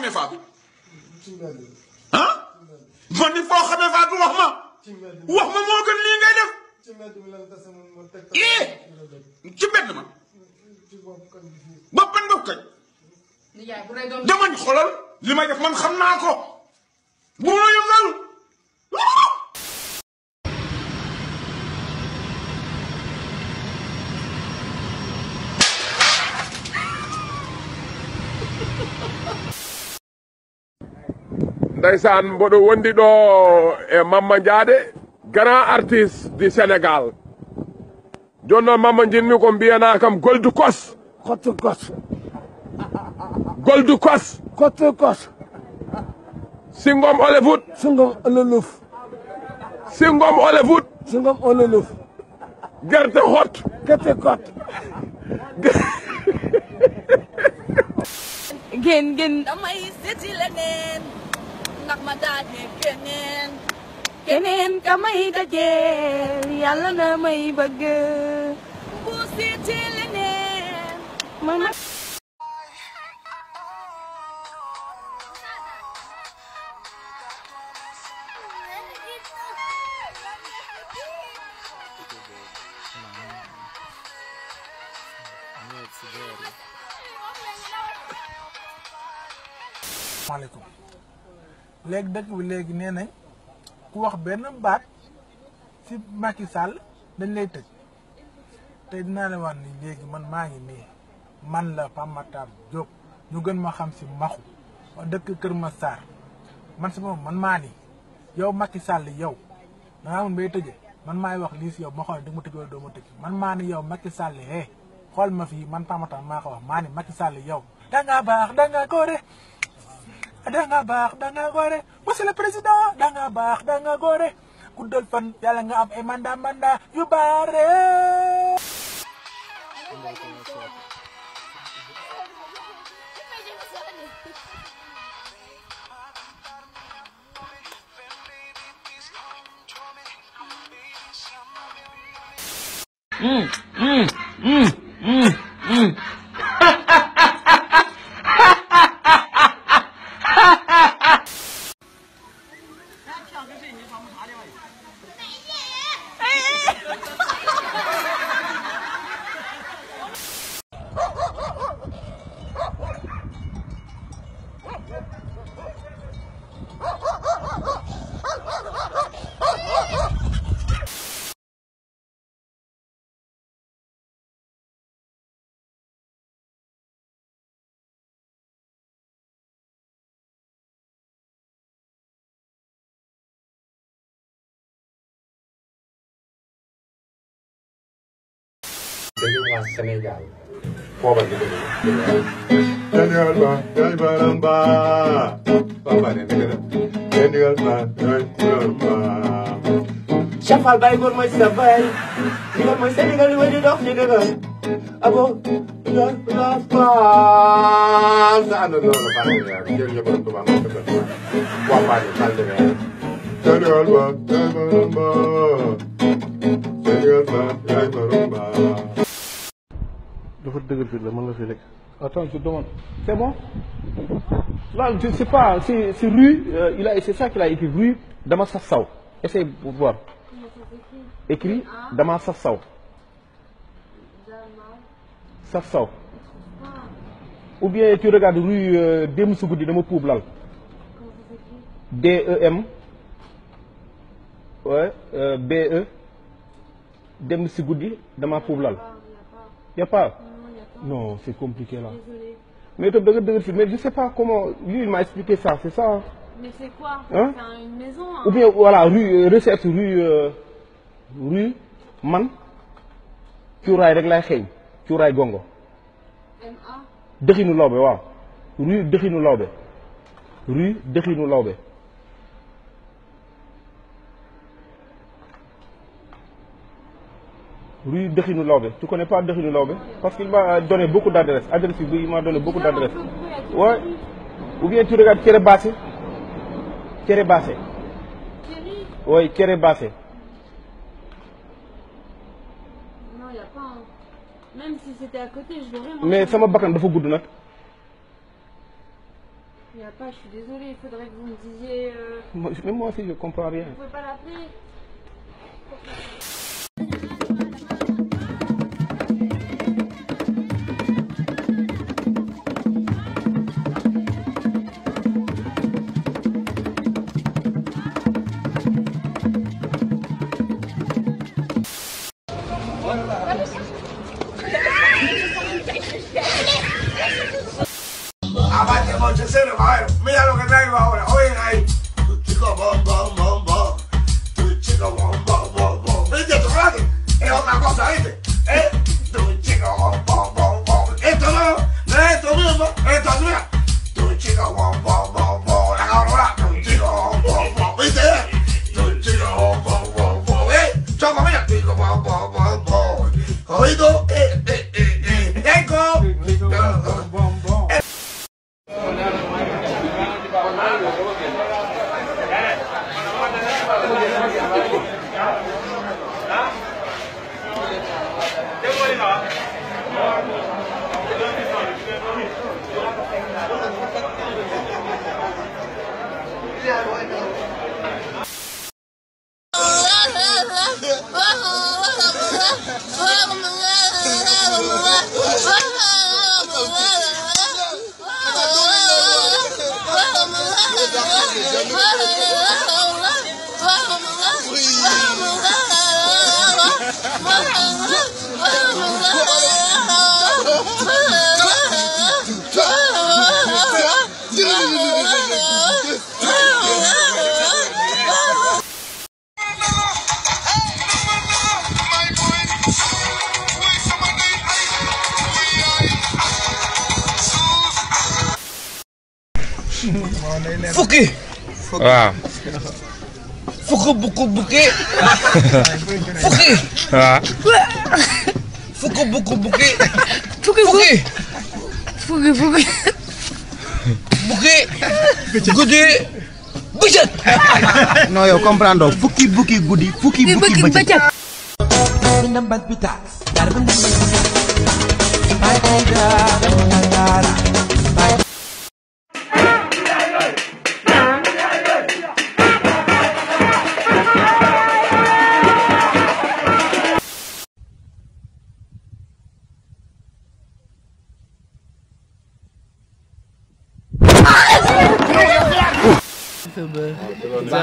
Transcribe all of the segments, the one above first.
xamee faatu ah man ni foo xamee faatu wax ma wax ma moo gën lii ngay def eh ci mbedd ma boppan bopp kañ damañ xolal li may def man xam naa ko bu ndaysaan mboɗo wondi ɗo e mamma diade grand artiste du sénégal joni noon mamma jinmi ko mbiyana kam goldu kos kottu kos goldu kos kottu kos singom olefut singom ololuf singom olefut singom ololuf gerte hot gerte kot kak madad ni kenen kenen kamay daje yalla na may bëgg bu si ci leneen man Assalamualaikum. léegi dëkk bi léegi nee nañ ku wax benn baat si makki sàll dañ lay tëj te dinaa leen wax ni léegi man maa ngi nii man la Pape Matar ñu gën ma xam si maxu dëkk Kër Massar man si moom man maa ni yow Macky sàll yow da ngaa mun bay tëjee man maay wax lii si yow ma xool da man maa ni yow makki Sall eh xool ma fii man Pape Matar maa ko wax maa ni Macky Sall yow da baax da ngaa ko dangabak dangagore wasila presida dangabak dangagore Gudolfan yala nga am emanda eh, manda bare. Mm, mm, mm. Dele uma Senegal. Pobre de Senegal, ba, Senegal, ba. Baba de negra. ni deugal. Abo, la la no no ba. Jël ñu borom tuba mo ko. Wa pa ni sal De votre degré de mon attends je demande c'est bon là je sais pas c'est rue euh, il a c'est ça qu'il a écrit rue dama essaye pour voir écrit dama saf ou bien tu regardes rue euh, démb Comment guddi dama e m DEM ouais, B-E. dem Il n'y dama pas. Il y a pas non, c'est compliqué là. Désolée. Mais je ne sais pas comment. Lui, il m'a expliqué ça, c'est ça. Mais c'est quoi C'est hein? une maison. Hein. Ou bien, voilà, rue, euh, recette rue. Euh, rue, man. Cuuraay rek chaîne. Tu cuuraay gongo. ma. dëxinu Laube, wa. rue dëxinu Laube. rue dëxinu Laube. rue Dexinu Laobé. Tu connais pas Dekhinou Laobé Parce qu'il m'a donné beaucoup d'adresses. Adresse, il m'a donné beaucoup d'adresses. Ouais. Ou bien tu regardes Kérébassé. Kérébassé. Oui, Kérébassé. Non, il n'y a pas un... Même si c'était à côté, je l'aurais Mais ça m'a bakan de Fougoud, non Il n'y a pas, je suis désolée, il faudrait que vous me disiez... Euh, moi, même moi aussi, je ne comprends rien. 我要被不给，啊，不哭不哭不给，不给。waaw. fukki bukki bukki. fukki bukki fukki bukki. guddi bëccëg. non yow comprendre loo fukki bukki guddi fukki bukki bëccëg. number bi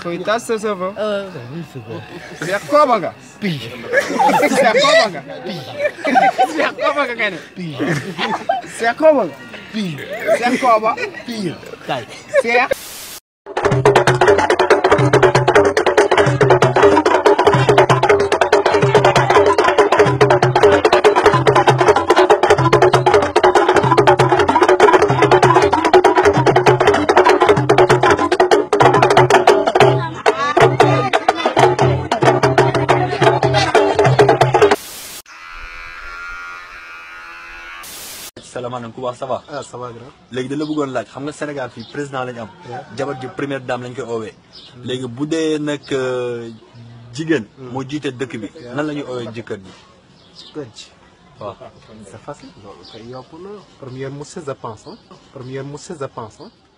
foi Coitado seu avô. Siakobanga. Pi. Siakobanga. Pi. Siakobanga, cara. Pi. Siakobanga. Pi. Siakobanga. Pi. Siakobanga. Pi. wax ça va. ah ça va grand. léegi dañ la bëggoon laaj xam nga Sénégal fi président lañ am. jabar ju première dame lañ koy owé léegi bu dee nag jigéen. moo jiite dëkk bi nan la owé oowee bi ji. penc. c'est facile yo pour le premier monsieur je pense. premier monsieur je pense.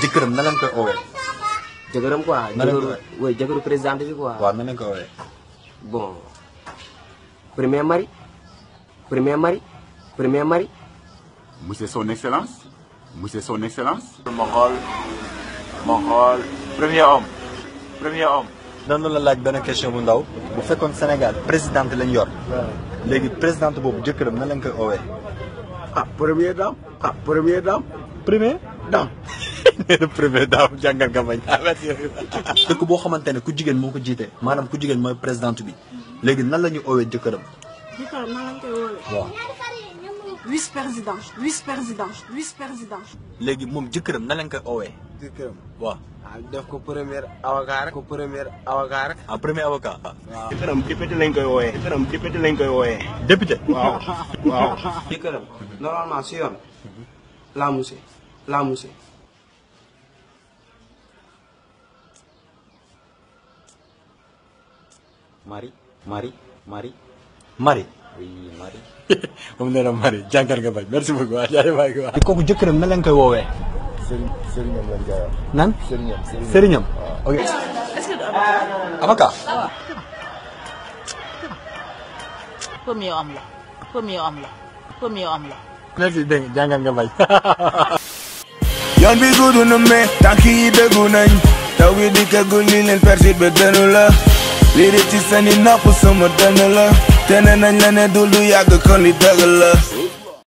jëkkëram na leen koy owee. jëkkëram quoi. na leen koy owee jëkkëru oui jëkkëru présidente bi na leen koy owee. bon premier mari premier mari premier mari. monsieur son excellence monsieur son excellence. ma xool ma xool premier homme premier homme. danu la laaj benn question bu ndaw bu fekkoon Sénégal présidente lañ yor. léegi présidente boobu jëkkëram na lañ koy owee. ah première dame ah première dame. première dame. nee na premier dëkk boo xamante ne ku jigéen moo ko jiite maanaam ku jigéen mooy présidente bi léegi nan la ñuy oowee jëkkëram jëkkëram nan lañ koy moom jëkkëram nan lañ koy oowee jëkkëram waaw ah, def ko premier avocat rek ko premier avocat rek ah, député lañ koy wooyee jëkkëram député koy wooyee député waaw waaw jëkkëram si yoon laamu si laamu si mari mari mari mari oui mari moom nee mari jàngal nga bay merci beaucoup waaw jaay waay ko ko jëkkëram nan lañ koy woowee lañ nan serignam serignam ah. ok est-ce que du avocat avocat comme yow am la comme yow am la comme yow am la merci dégg jàngal nga bañ yoon bi nañ taw persit la Liriti seni nafu sama dana la Te neneen leneen du lu yàgg kon li dëgg la